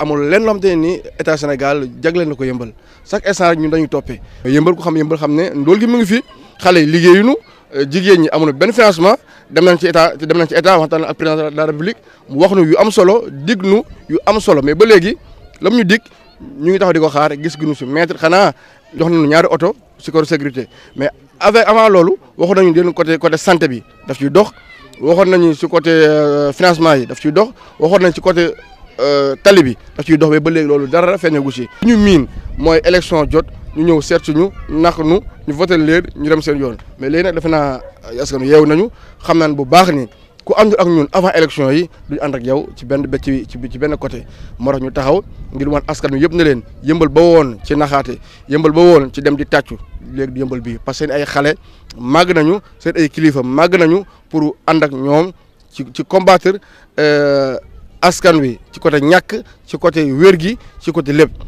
amul lenn loo xamante ne ni état Sénégal jagleel na ko yëmbal chaque instant rek ñun dañuy toppe yëmbal ko xam yëmbal xam ne ndóol gi mu ngi fi xale yi liggéeyuñu euh, jigéen ñi amul benn financement dem nañ si état dem nañ ci état waxtaan ak président de la république mu wax nu yu am solo dig nu yu am solo mais ba léegi lam ñu dig ñu ngi taxaw di ko xaar gis gi si maître xanaa jox nañu ñaari oto si ko sécurité mais avec avant loolu waxoon nañu den côté côté santé bi daf ciy dox waxoon nañu si côté euh, financement yi daf ciy dox waxoon nañ si côté. Euh, tali bi daf ciy dox ba léegi loolu dara feeñagu ci ñu miin mooy élection jot ñu ñëw seet ñu nax nu ñu voté leen ñu dem seen yoon mais léegi nag defe naa askan yeew nañu xam naan bu baax ni ku am àndul ak ñun avant élection yi duñ ànd ak yow ci benn ci ci benn côté moo ñu taxaw ngir wan askan wi yëpp na leen yëmbal ba woon ci naxaate yëmbal ba woon ci dem di tàccu léegi di yëmbal bii parce que seen ay xale màgg nañu seen ay kilifa màgg nañu pour ànd ak ñoom ci ci combattre euh, askan wi ci côté :fra ñàkk ci côté :fra wér gi ci côté lépp